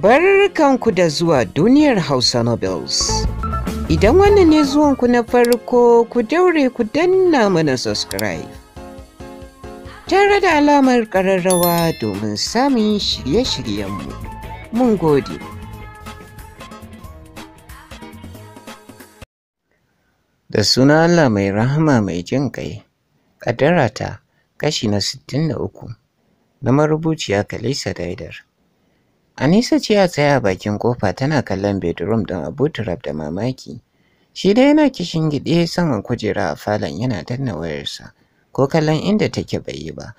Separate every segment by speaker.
Speaker 1: Barkanku da zuwa duniyar Hausa Nobles. Idan wannan ne zuwanku na farko ku daure ku danna mana subscribe. Tare da alamar ƙararrawa domin samun shirye-shiryenmu. Mun gode. Da suna Allah mai rahama mai jin ƙai, ta kashi na 63 na marubuciya Kalisa Daidar. Anisa ce a tsaya a bakin kofa tana kallon bedroom ɗin Turab da mamaki. Shi dai yana kishin gide saman kujera a falon yana danna wayarsa, ko kallon inda take bai yi ba.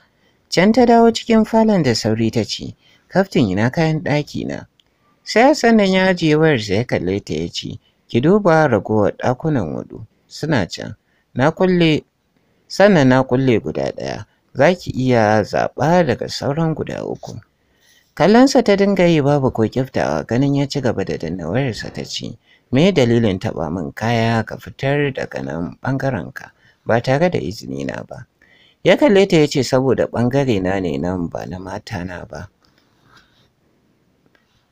Speaker 1: Can ta dawo cikin falon da sauri ta ce, Kaftin ina kayan ɗaki na. Sai sannan ya ajiye wayarsa ya kalle ta ya ce, Ki duba ragowar ɗakunan hudu suna can. Na kulle sannan na kulle guda ɗaya. Za ki iya zaɓa daga sauran guda uku. Kallonsa ta dinga yi babu ko kyaftawa ganin ya ci gaba da danna wayarsa ta ci, Me dalilin taɓa min kaya ka fitar daga nan ɓangarenka ba tare da izini na ba. Ya kalle ta ya ce saboda ɓangare na ne nan ba na mata na ba.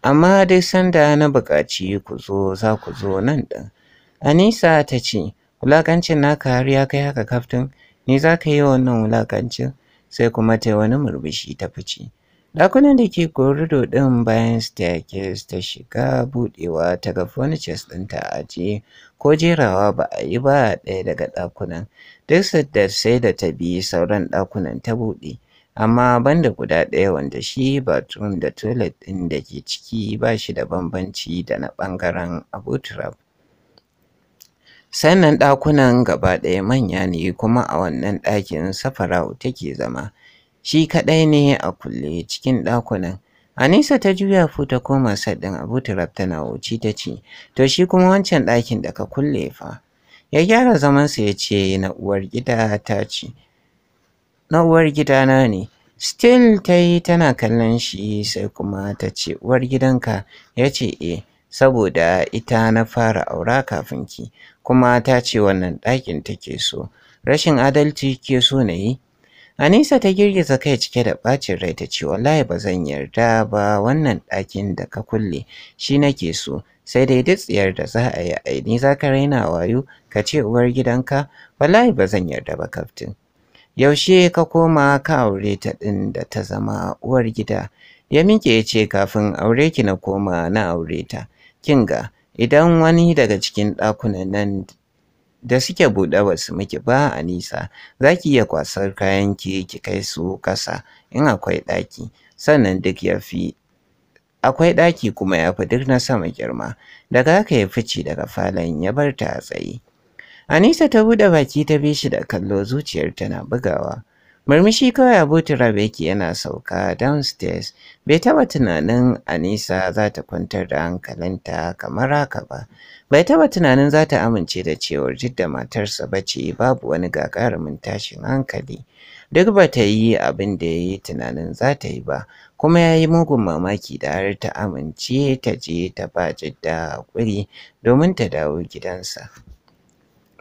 Speaker 1: Amma dai sanda na buƙaci ku zo za ku zo nan ɗin. Anisa ta ce, Wulaƙancin naka har ya kai haka kaftin, ni za ka yi wannan wulaƙancin? Sai kuma ta yi wani murmushi ta fice. Ɗakunan da ke korido ɗin bayan staircase ta shiga buɗewa ta ga furnitures ɗin ta ajiye ko jerawa ba a yi ba ɗaya daga ɗakunan. Duk da sai da ta bi sauran ɗakunan ta buɗe, amma banda guda ɗaya wanda shi bathroom da toilet ɗin da ke ciki ba shi da bambanci da na ɓangaren Abutrab. Sannan ɗakunan gaba ɗaya manya ne kuma a wannan ɗakin Safara'u take zama. shi kaɗai ne a kulle cikin ɗakunan. Anisa ta juya fu ta koma saɗin Abu Turab tana wuci ta ce, To shi kuma wancan ɗakin da ka kulle fa. Ya gyara zamansa ya ce na uwar gida ta ce, Na uwar gidana ne. Still ta yi tana kallon shi sai kuma ta ce uwar gidanka ya ce e saboda ita na fara aura kafin ki kuma ta ce wannan ɗakin take so rashin adalci ke so na yi Anisa ta girgiza kai cike da ɓacin rai ta ce wallahi ba zan yarda ba wannan ɗakin da ka kulle shi nake so sai dai duk tsiyar da za a yi a ni za ka raina wayo ka ce uwar gidanka wallahi ba zan yarda ba kaftin. Yaushe ka koma ka aure ta ɗin da ta zama uwar gida ya miƙe ya ce kafin aure ki na koma na aure ta. Kinga, idan wani daga cikin ɗakunan nan da suke buɗe ba su miki ba a nisa za ki iya kwasar kayan ki ki kai su kasa in akwai ɗaki sannan duk ya fi akwai ɗaki kuma ya fi duk na sama girma daga haka ya fice daga falon ya bar ta a tsaye anisa ta buɗe baki ta bi shi da kallo zuciyar tana bugawa Murmushi kawai abokin Rabeki yana sauka downstairs, bai taba tunanin Anisa za ta kwantar da hankalinta kamar haka ba, bai taba tunanin za ta amince da cewar duk da matarsa ba ce babu wani gagarumin tashin hankali. Duk ba ta yi abin da ya yi tunanin za ta yi ba, kuma ya yi mugun mamaki da har ta amince ta je ta ba jidda haƙuri domin ta dawo gidansa.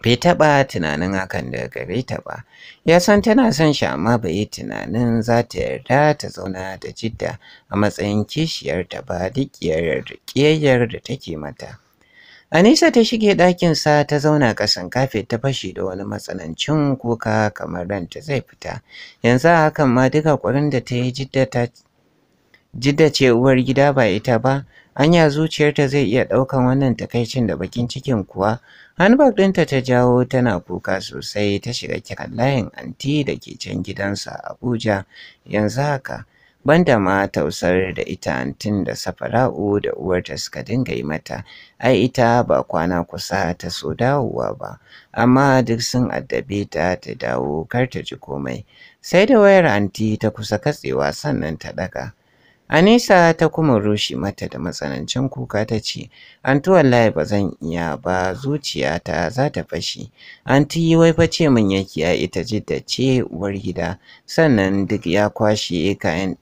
Speaker 1: bai taɓa tunanin hakan da gare ta ba ya san tana son shi amma bai yi tunanin za ta yarda ta zauna da jidda a matsayin kishiyar ta ba duk ƙiyayyar da take mata anisa ta shige ɗakinsa ta zauna ƙasan kafe ta fashe da wani matsanancin kuka kamar ranta zai fita yanzu a hakan ma duka ƙwarin da ta yi jidda ce uwar gida ba ita ba Anya zuciyarta zai iya ɗaukan wannan takaicin da bakin cikin kuwa. hanbag ɗinta ta jawo tana kuka sosai ta shiga kiran layin anti da ke can gidansa Abuja yanzu haka. Banda ma tausar da ita antin da safara'u da uwarta suka dinga yi mata, ai ita ba kwana kusa ta so dawowa ba, amma duk sun addabe ta ta dawo kar ta ji komai. Sai da wayar anti ta kusa katsewa sannan ta ɗaga. Anisa ta kuma rushe mata da matsanancin kuka ta ce, Anti wallahi ba zan iya ba zuciyata za ta fashi. Anti wai fa ce min yake ya ita jidda ce uwar gida, sannan duk ya kwashe kayan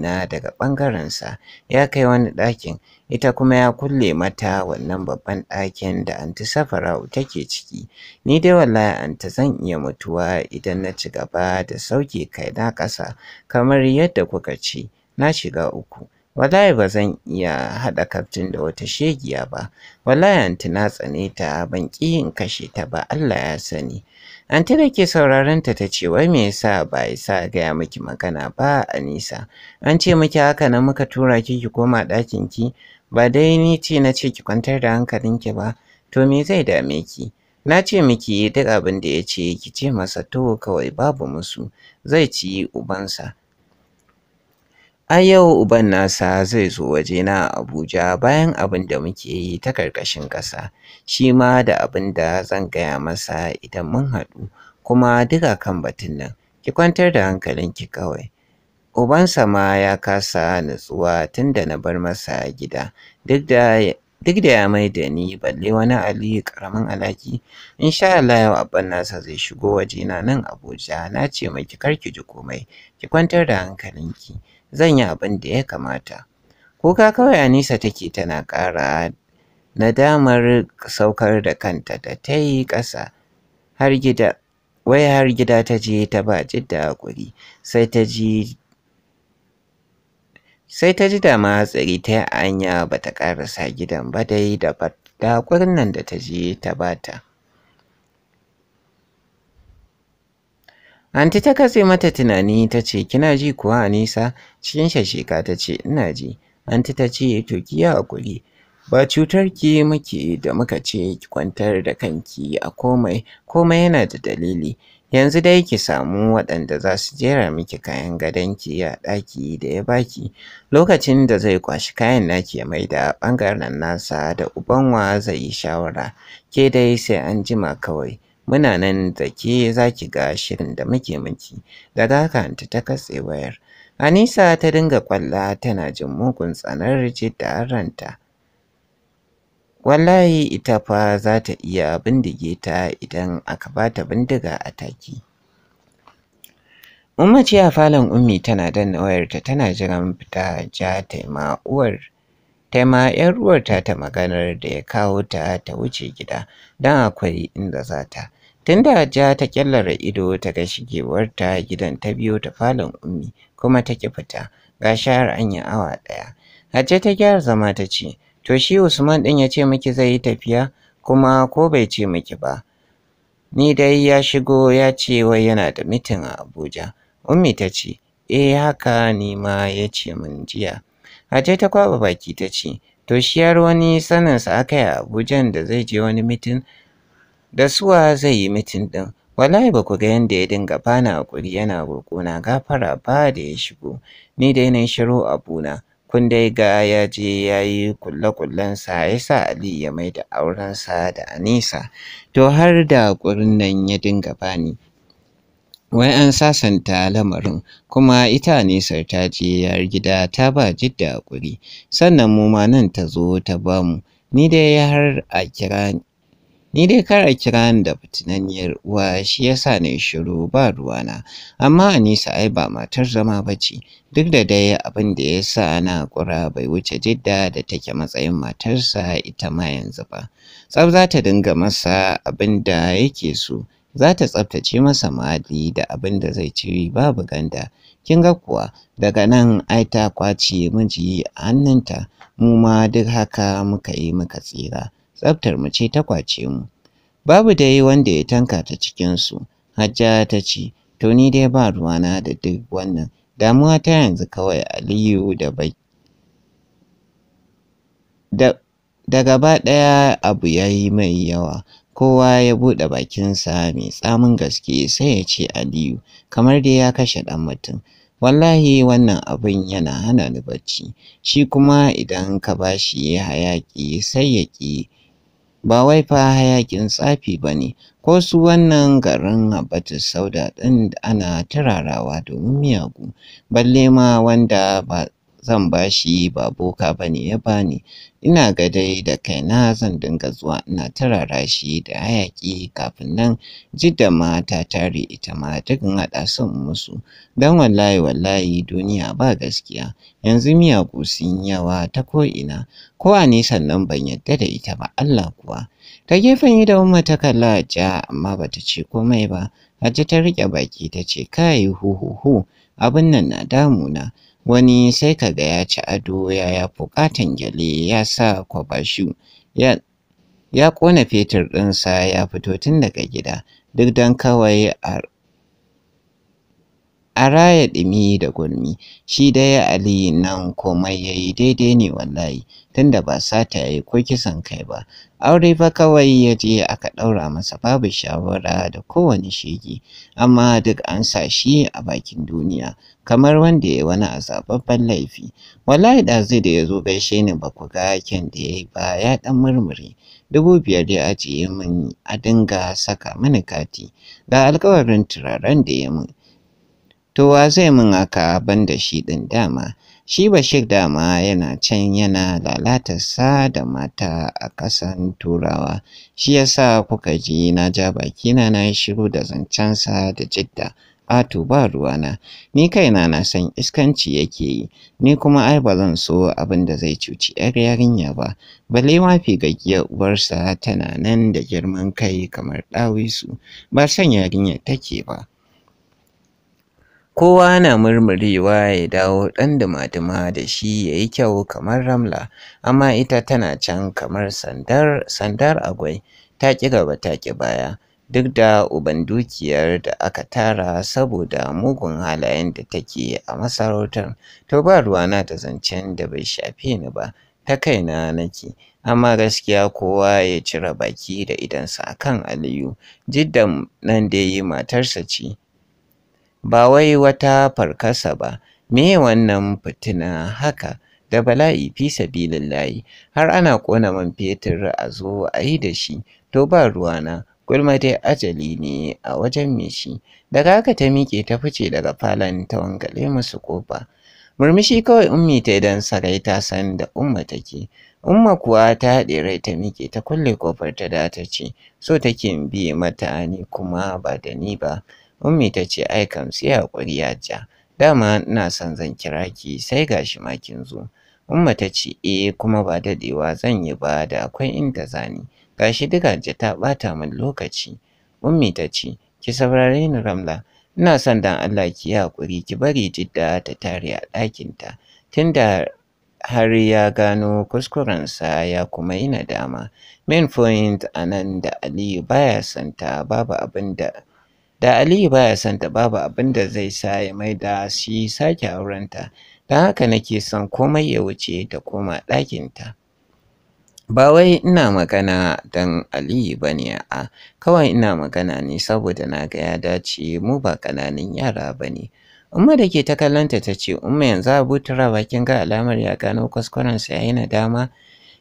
Speaker 1: na daga ɓangarensa ya kai wani ɗakin, ita kuma ya kulle mata wannan babban ɗakin da Anti Safarau take ciki. Ni dai wallahi Anti zan iya mutuwa idan na ci gaba da sauke kai na ƙasa kamar yadda kuka ce. na shiga uku. Wallahi ba zan iya haɗa kaftin da wata shegiya ba. Wallahi anti na tsane ta ban ƙi in kashe ta ba Allah ya sani. Anti da ke sauraron ta ta ce wai me yasa ba isa gaya miki magana ba Anisa. An ce miki haka na muka tura ki ki koma ɗakin ki ba dai ni ce na ce ki kwantar da hankalin ki ba to me zai dame ki. Na ce miki duk abin da ya ce ki ce masa to kawai babu musu zai ci ubansa. A yau uban nasa zai zo wajena a Abuja bayan abin da muke yi ta karkashin ƙasa, shi ma da abin da zan gaya masa idan mun haɗu, kuma duka kan batun nan, ki kwantar da hankalinki kawai. Uban sama ya kasa nutsuwa tun da na bar masa gida, duk da ya mai da ni balle wani ali karamin alaki sha Allah yau abban nasa zai shigo wajena nan Abuja na ce miki kar ki ji komai ki kwantar da hankalinki zan yi abin da ya kamata. Kuka kawai Anisa take tana ƙara nadamar saukar da kanta da ta yi ƙasa har gida. Wai har gida ta je ta ba jidda haƙuri sai ta ji sai ta ji da ma hatsari ta yi anya ba ta ƙarasa gidan ba dai da haƙurin nan da ta je ta bata. Anti ta katse mata tunani ta ce, Kina ji kuwa nisa?" Cikin shashika ta ce, Ina ji. Anti ta ce, To ki ya hakuri. Ba cutar ki muke da muka ce ki kwantar da kanki a komai, komai yana da dalili. Yanzu dai ki samu waɗanda za su jera miki kayan ki a ɗaki da ya baki. Lokacin da zai kwashi kayan naki ya maida, da ɓangaren nasa da ubanwa zai yi shawara. Ke dai sai an jima kawai. muna nan da ke za ki ga shirin da muke miki da haka ta katse wayar anisa ta dinga kwalla tana jin mugun tsanar jidda ranta wallahi ita fa za ta iya bindige ta idan aka ba ta bindiga a taki umma ce a falon ummi tana danna wayarta tana jiran fita ja taima uwar taima yar uwarta ta maganar da ya kawo ta ta wuce gida don akwai inda za ta Tun da Hajiya ta kyallara ido ta ga shigewarta gidan ta biyo ta falon ummi kuma ta ki fita ga shahar an awa ɗaya. Hajiya ta gyara zama ta ce, to shi Usman ɗin ya ce miki zai yi tafiya kuma ko bai ce miki ba. Ni dai ya shigo ya ce wai yana da mitin a Abuja. Ummi ta ce, eh haka ni ma ya ce min jiya. Hajiya ta kwaba baki ta ce, to shi yar wani saninsa aka yi a Abuja da zai je wani mitin da suwa zai yi mitin ɗin wallahi ba ku ga yadda ya dinga bana hakuri yana na gafara ba da ya shigo ni dai na shiru abuna kun dai ga ya je ya yi kulle sa, ya sa Ali ya mai da auren sa da Anisa to har da hakurin nan ya dinga bani wai an sasanta lamarin kuma ita Anisar ta je yar gida ta ba jidda hakuri sannan mu ma nan ta zo ta bamu ni dai har a kira Ni dai kara kira ni da fitinanniyar uwa shi yasa na ni shiru ba ruwana. Amma Anisa ai ba matar zama ba ce, duk da dai abin da ya sa na kura bai wuce jidda da take matsayin matarsa ita ma yanzu ba. Tsaf za ta dinga masa abin da yake so, za ta tsaftace masa muhalli da abin da zai ci babu ganda. Kin ga kuwa daga nan ai ta kwace miji a hannunta, mu ma duk haka muka yi muka tsira. tsaftar mu ce ta kwace mu. Babu dai wanda ya tanka ta cikin su hajja ta ce, to ni dai ba ruwana da duk wannan, damuwa ta yanzu kawai Aliyu da bai. Da gaba ɗaya abu ya yi mai yawa, kowa ya buɗe bakinsa mai tsamin gaske sai ya ce Aliyu, kamar dai ya kashe ɗan mutum. wallahi wannan abin yana hana ni bacci shi kuma idan ka bashi hayaki sai ya ki ba wai fa hayakin tsafi ba ne ko su wannan garin habatus sauda ɗin ana turarawa domin miyagu balle ma wanda ba zan ba shi ba boka ba ne ya ni ina ga dai da kaina zan dinga zuwa ina tarara shi da hayaƙi kafin nan jidda ma ta tare ita ma duk in haɗa son musu don wallahi wallahi duniya ba gaskiya yanzu miyagu sun yawa ta ko'ina ko a nisan nan ban yadda da ita ba Allah kuwa ta gefen yi da umma ta kalla ja amma bata ce komai ba Hajji ta riƙe baki ta ce kai huhuhu abin nan na damuna wani sai ka ga ya ci ado ya yafi gyale ya sa kwabashu ya ya ƙona fetur ɗinsa ya fito tun daga gida duk don kawai a a raya ɗumi da gurmi shi dai ali nan komai ya yi daidai ne wallahi tunda ba sata ya yi ko kisan kai ba aure ba kawai ya je aka ɗaura masa babu shawara da kowane shege amma duk an sa shi a bakin duniya kamar wanda ya wani azababban laifi wallahi da zai da ya zo gaishe ni ba ku ga kyan da ya yi ba ya ɗan murmure dubu biyar ya ajiye min a dinga saka mini kati ga alkawarin turaren da ya min To wa zai mun aka ban da shi ɗin dama? Shi Bashir dama yana can yana lalatarsa da mata a ƙasan Turawa, shi yasa kuka ji na ja bakina na shiru da zancensa da jidda. Ato ba ruwana, ni kaina na san iskanci yake yi, ni kuma ai ba zan so abin da zai cuci ‘yar yarinya ba, balle ma figaggiyar uwarsa tana nan da girman kai kamar ɗawisu, ba san yarinyar take ba. kowa na murmurewa ya dawo ɗan dumaduma da shi ya yi kyau kamar ramla amma ita tana can kamar sandar agwai ta ƙi gaba ta ƙi baya duk da uban dukiyar da aka tara saboda mugun halayen da take a masarautar to ba ruwana ta zancen da bai shafe ni ba ta kaina nake amma gaskiya kowa ya cire baki da idansa akan aliyu jiddan nan dai matarsa ce ba wai wata farkasa ba me wannan fitina haka da bala'i fi sabilin layi. har ana ƙona man fetur a zo a yi da shi to ba ruwana gulma dai ajali ne a wajen me shi daga haka ta miƙe ta fice daga falon ta wangale musu ƙofa. murmushi kawai ummi ta idan sarai ta san da umma take umma kuwa ta haɗe rai ta miƙe ta kulle ƙofar ta da ta ce so take biye mata ni kuma ba da ni ba Ummi ta ce ai kam sai haƙuri ya ja. Dama ina son zan kira ki sai gashi ma kin zo. Umma ta ce eh kuma ba dadewa zan yi ba da akwai inda zani. Gashi digaje ta ɓata min lokaci. Ummi ta ce ki saurare ni Ramla. Ina son dan Allah ki ya haƙuri ki bari Jidda ta tare a ɗakinta. Tunda har ya gano kuskurensa ya kuma yi nadama. Main point a nan da Aliyu baya santa babu abin da da Aliyu baya son ta babu abin da zai sa ya mai da shi sake aurenta don haka nake son komai ya wuce ta koma ɗakinta. Ba wai ina magana don Aliyu ba ne a kawai ina magana ne saboda na ga ya dace mu ba ƙananan yara ba ne. Umma da ke ta kallonta ta ce, Umma yanzu abu tura kin ga alamar ya gano kuskurensa ya yi nadama.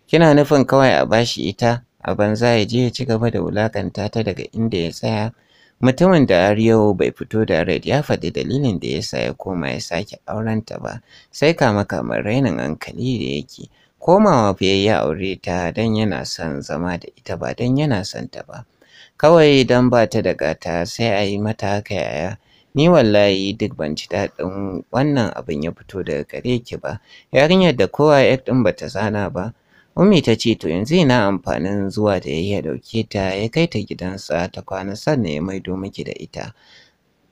Speaker 1: Kina nufin kawai a bashi ita a banza ya je ya ci gaba da wulakanta ta daga inda ya tsaya. Mutumin da har yau bai fito da red ya faɗi dalilin da ya yasa ya koma ya sake auren ta ba, sai kama kamar rainin hankali da yake. Komawa fiye ya aure ta don yana son zama da ita ba don yana son ta ba. Kawai don ba ta da gata sai a yi mata haka yaya. Ni wallahi duk ban ci daɗin wannan abin ya fito daga gare ki ba, yarinyar da kowa ya ɗin bata zana ba. Umi ta ce to yanzu ina amfanin zuwa da ya ɗauke ta ya kai ta gidansa ta kwana sannan ya maido miki da ita.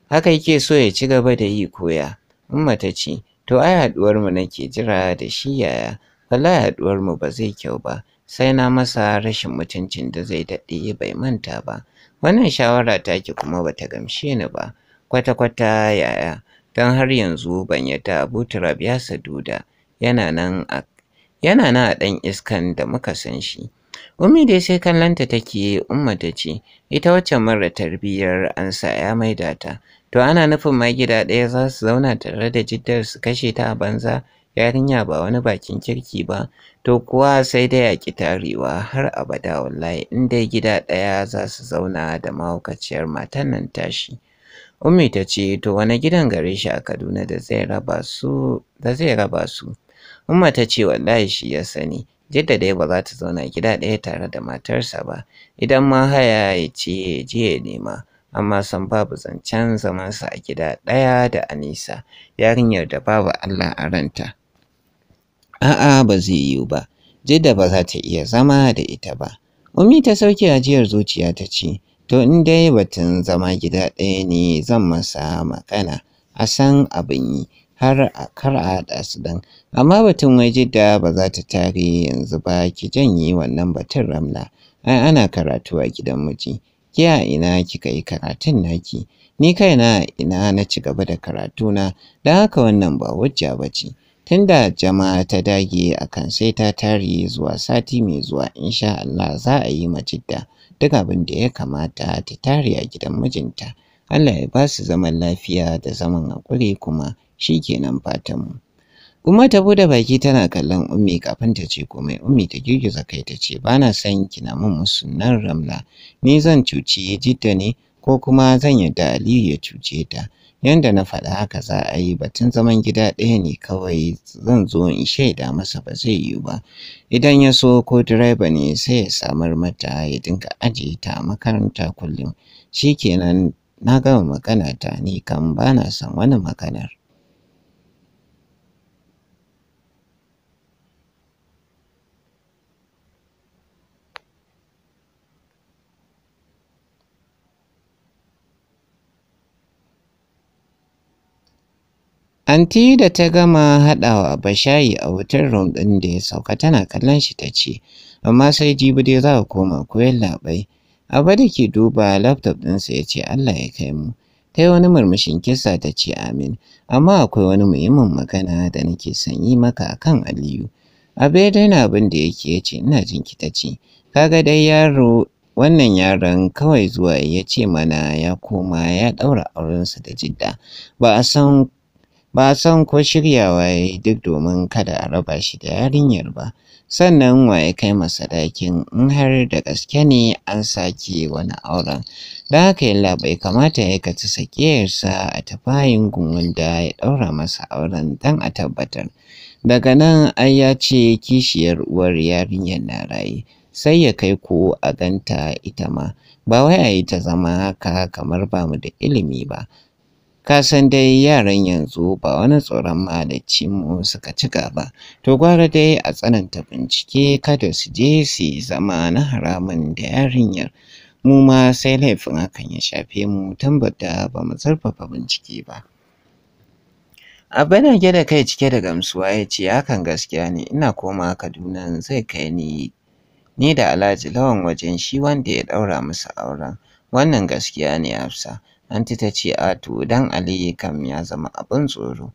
Speaker 1: Haka yake so ya ci gaba da yi koya. Umma ta ce to ai mu nake jira da shi yaya. Wallahi mu ba zai kyau ba. Sai na masa rashin mutuncin da zai daɗe bai manta ba. Wannan shawara ta ki kuma bata gamshe ni ba. Kwata-kwata yaya. dan har yanzu ban yadda Abu Turab ya saduda yana nan a yana na ɗan iskan da muka san shi. Umi dai sai kallonta take umma ta ce, ita wacce mara tarbiyyar ansa ya maida ta. To ana nufin ma gida ɗaya za su zauna tare da jiddar su kashe ta a banza yarinya ba wani bakin kirki ba to kuwa sai dai a ki tarewa har abada wallahi in dai gida ɗaya za su zauna da mahaukaciyar matan nan tashi. Ummi ta ce to wani gidan gare shi a Kaduna da zai raba su. Umma ta ce wallahi shi ya sani jidda dai ba za ta zauna gida ɗaya tare da matarsa ba idan ma haya ya ce je ya nema amma san babu zancen zamansa a gida ɗaya da Anisa yarinyar da babu Allah a ranta. A'a ba zai yiwu ba, jidda ba za ta iya zama da ita ba. Umi ta sauke ajiyar zuciya ta ce, To in dai batun zama gida ɗaya ne zan masa magana a san abin yi har a kar a haɗa su dan Amma batun wai jidda ba za ta tare yanzu ba ki janye wannan batun ramla. Ai ana karatu a gidan miji. Ki a ina kika yi karatun naki? Ni kaina ina na ci gaba da karatuna don haka wannan ba wajja ba ce. Tunda jama'a ta dage a kan sai ta tare zuwa sati mai zuwa insha Allah za a yi ma jidda duk abin da ya kamata ta tare a gidan mijinta. Allah ya ba su zaman lafiya da zaman haƙuri kuma shi kenan fatanmu. Umma ta bude baki tana kallon Ummi kafin ta ce komai. Ummi ta girgiza kai ta ce ba na san kina mun musunnan Ramla. Ni zan cuci Jidda ne ko kuma zan yarda Aliyu ya cuce ta. Yanda na faɗa haka za a yi batun zaman gida ɗaya ne kawai zan zo in shaida masa ba zai yiwu ba. Idan ya so ko direba ne sai ya samar mata ya dinga ajiye ta makaranta kullum. Shikenan na gama magana ta ni kam ba na son wani maganar. Anti da ta gama haɗawa Bashayi a wutar rum ɗin da ya sauka tana kallon shi ta ce, amma sai jibi dai za ka koma koyon labai. Abba da ke duba laptop ɗinsa ya ce Allah ya kai mu. Ta yi wani murmushin kisa ta ce amin, amma akwai wani muhimmin magana da nake son yi maka kan Aliyu. Abba ya daina abin da yake ya ce ina jin ki ta ce, kaga dai yaro wannan yaron kawai zuwa ya ce mana ya koma ya ɗaura aurensa da jidda ba a san ba san ko shiryawa ya yi duk domin kada a raba shi da yarinyar ba sannan waye kai masa dakin in har da gaske ne an sake wani auren da haka yalla bai kamata ya kaci sakiyarsa a tafayin gungun da ya ɗaura masa auren dan a tabbatar daga nan ai ya ce kishiyar uwar yarinyar na raye sai ya kai ko a ganta ita ma ba wai a yi ta zama haka kamar ba mu da ilimi ba Ka san dai yaran yanzu ba wani tsoron mu suka cika ba, to gwara dai a tsananta bincike kada su je su zama na haramun da yarinyar. Mu ma sai laifin hakan ya shafe mu tambata ba mu zarfafa bincike ba. Abin rage da kai cike da gamsuwa ya ce hakan gaskiya ne ina koma Kaduna zai kai ni ni da Alhaji Lawan wajen shi wanda ya daura musu auren. Wannan gaskiya ne Hafsa. Anti ta ce a to dan Aliyu kam ya zama abin tsoro.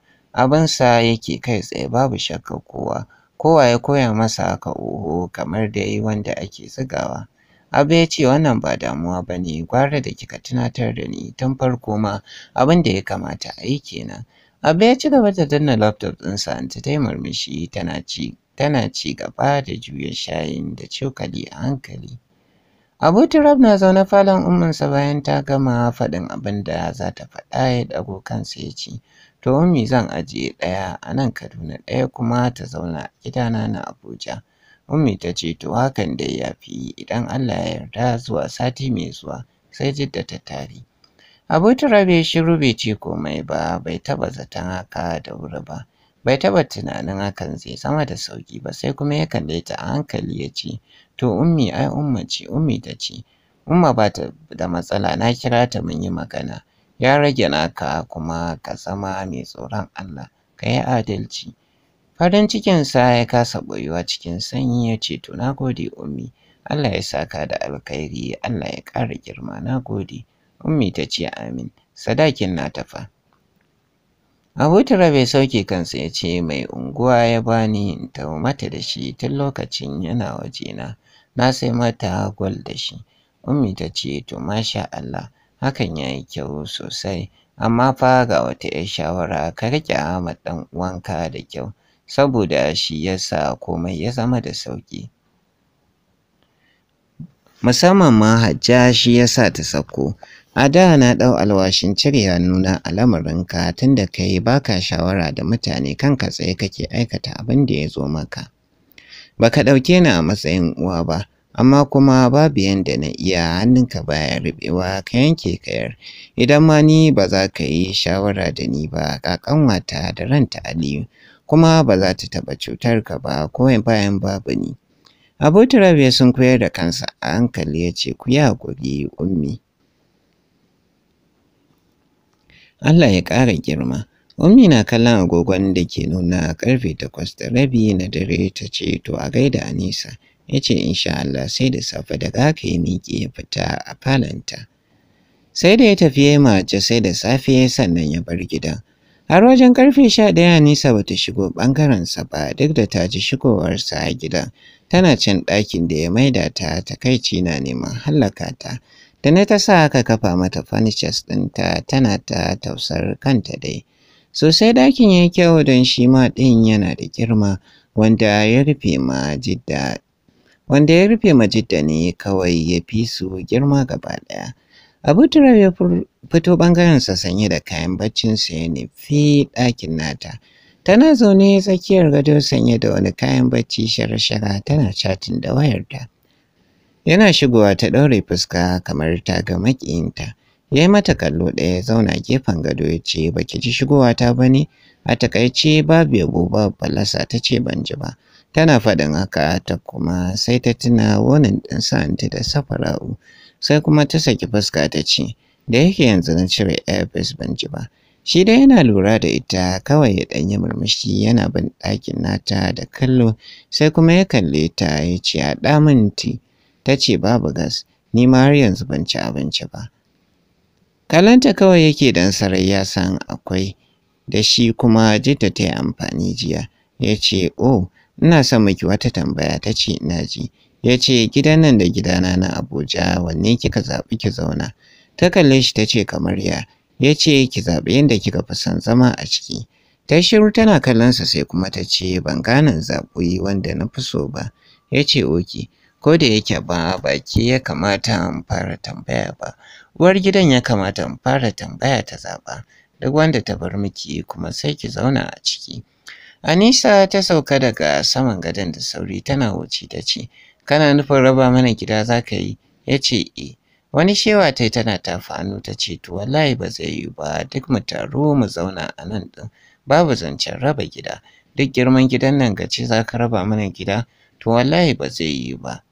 Speaker 1: sa yake kai tsaye babu shakka kowa. Kowa ya koya masa haka oho kamar dai wanda ake zigawa. Abu ya ce wannan ba damuwa ba ne gwara da kika tunatar da ni tun farko ma abin da ya kamata a yi kenan. Abu ya ci gaba da danna laptop sa ta ta murmushi tana ci tana ci gaba da juya shayin da cokali a hankali. Abu Turab na zaune falon ummansa bayan ta gama faɗin abin da za ta faɗa ya ɗago kansa ya ce, To ummi zan ajiye ɗaya a nan Kaduna ɗaya kuma ta zauna gidana na Abuja. Ummi ta ce, To hakan dai ya fi idan Allah ya yarda zuwa sati mai zuwa sai jidda ta tari. Abu Turab ya shiru bai ce komai ba, bai taba zaton haka da wuri ba. bai taɓa tunanin hakan zai zama da sauƙi ba sai kuma yakan kalle ta a hankali ya ce To ummi ai umma ce, ummi ta ce. Umma ba ta da matsala na kira ta mun yi magana. Ya rage naka kuma ka zama mai tsoron Allah, ka yi adalci. Farin cikin sa ya kasa boyuwa cikin sanyi ya ce to na gode ummi. Allah ya saka da alkhairi, Allah ya ƙara girma, na gode. Ummi ta ce amin, sadakin na tafa. abu turabe sauke kansa ya ce mai unguwa ya bani in taumata mata da shi tun lokacin yana waje Na na sai mata gwal da shi. Ummi ta ce to masha Allah hakan ya yi kyau sosai amma fa ga wata 'yar shawara ka riƙe Ahmad ɗan uwanka da kyau saboda shi ya sa komai ya zama da sauƙi. musamman ma hajja shi ya sa ta sako a da na ɗau alwashin cire hannuna a lamarinka tun da kai baka shawara da mutane kan ka tsaye kake aikata abin da ya zo maka baka ɗauke ni a matsayin uwa ba amma kuma babu yadda na iya hannunka baya ruɓewa ka yanke kayar idan ma ni ba za ka yi shawara da ni ba ka kanwata da ranta aliyu kuma ba za ta taɓa cutar ka ba ko bayan babu ni Abotirab ya sun koyar da kansa a hankali ya ce ku ya haƙuri ummi. Allah ya ƙara girma. Ummi na kallon agogon da ke nuna a ƙarfe takwas da rabi na dare ta ce to a gaida a nisa, Ya ce insha Allah sai da safe da haka yi miƙe ya fita a falanta. Sai da ya tafi ya mace sai da safe sannan ya bar gidan. Har wajen karfe sha ɗaya Nisa ba ta shigo ɓangarensa ba duk da ta ji shigowarsa a gidan. Tana cin ɗakin da ya maida ta takaici na neman hallaka ta. Da na ta sa aka kafa mata furnitures ɗinta tana ta tausar kanta dai. Sosai ɗakin ya kyau don shi ma ɗin yana da girma wanda ya rufe ma jidda wanda ya rufe jidda ne kawai ya fi su girma gaba ɗaya. Abu ya fito sa sanye da kayan baccin su ya nufi ɗakin nata. Tana zaune tsakiyar gado sanye da wani kayan bacci shara-shara tana catin da wayarta. Yana shigowa ta ɗaure fuska kamar ta ga maƙiyinta. Ya yi mata kallo ɗaya zauna gefen gado ya ce ba ki ji shigowa ta ba ne? A takaice babu yabo ba balasa ta ce ban ji ba. Tana faɗin haka ta kuma sai ta tuna wani ɗin sa'anta da safara'u. sai kuma ta saki fuska ta ce da yake yanzu na cire airfis ban ji ba shi dai yana lura da ita kawai ya ɗanyi murmushi yana bin ɗakin nata da kallo sai kuma ya kalle ta ya ce a ɗamin ti ta ce babu gas ni ma har yanzu ban ci abinci ba kalanta kawai yake dan sarai ya san akwai da shi kuma jita ta yi amfani jiya ya ce oh ina son miki wata tambaya ta ce ina ji ya ce gidan nan da gidana na Abuja wanne kika zaɓi ki zauna. Ta kalle shi ta ce kamar ya, ya ce ki zaɓi yadda kika fi son zama a ciki. Ta shiru tana kallonsa sai kuma ta ce ban gane zaɓi wanda na fi so ba. Ya ce oke, ko da yake ba baki ya kamata in fara tambaya ba. Uwar gidan ya kamata in fara tambaya ta zaɓa. Duk wanda ta bar miki kuma sai ki zauna a ciki. Anisa ta sauka daga saman gadon da sauri tana wuce ta ce, kana nufin raba mana gida za ka yi ya ce e wani shewa ta tana tafa hannu ta ce to wallahi ba zai yi ba duk mu taro mu zauna a nan ɗin babu zancen raba gida duk girman gidan nan gace za ka raba mana gida to wallahi ba zai yi ba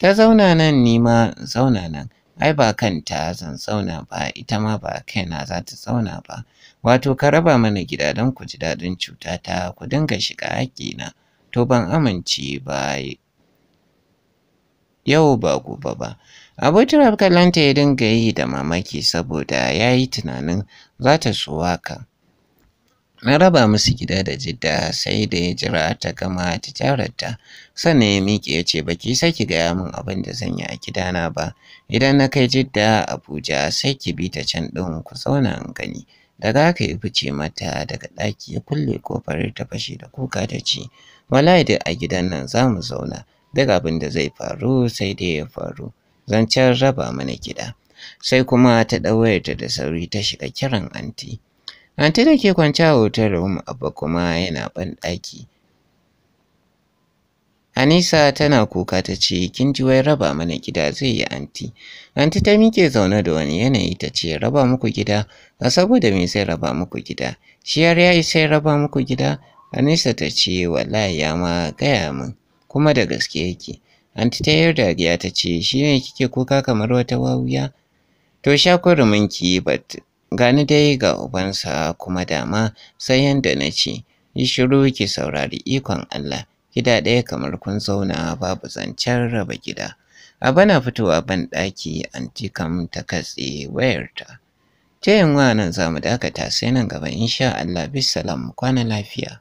Speaker 1: ta zauna nan ni ma zauna nan ai ba kanta zan zauna ba ita ma ba kaina za ta zauna ba wato ka raba mana gida don ku ji daɗin cuta ta ku dinga shiga haƙƙina to ban amince ba yau ba gobe ba. Abokin ta ya dinga yi da mamaki saboda ya yi tunanin za ta so haka. Na raba musu gida da jidda sai da ya jira ta gama tijararta sannan ya miƙe ya ce baki sai ki gaya min abin da zan yi a gidana ba idan na kai jidda Abuja sai ki bi ta can ɗin ku zauna in gani. Daga haka ya fice mata daga ɗaki ya kulle kofar ta fashe da kuka ta ce wallahi duk a gidan nan za mu zauna duk abin da zai faru sai dai ya faru zancen raba mana gida sai kuma ta ɗauyarta da sauri ta shiga kiran anti anti da ke kwance a hotel room abba kuma yana banɗaki Anisa tana kuka ta ce kin ji wai raba mana gida zai yi anti anti ta mike zaune da wani yanayi ta ce raba muku gida a saboda me zai raba muku gida shi yar yi sai raba muku gida Anisa ta ce wallahi ya ma gaya min kuma da gaske yake anti ta yarda dariya ta ce shi ne kike kuka kamar wata wawiya to sha ki bat gani dai ga ubansa kuma dama sai yanda na ce yi shiru ki saurari ikon Allah gida ɗaya kamar kun zauna babu zancen raba gida a bana fitowa ban ɗaki anti kam ta katse wayarta. Ta yin nan zamu dakata sai nan gaba insha Allah bisalam kwana lafiya.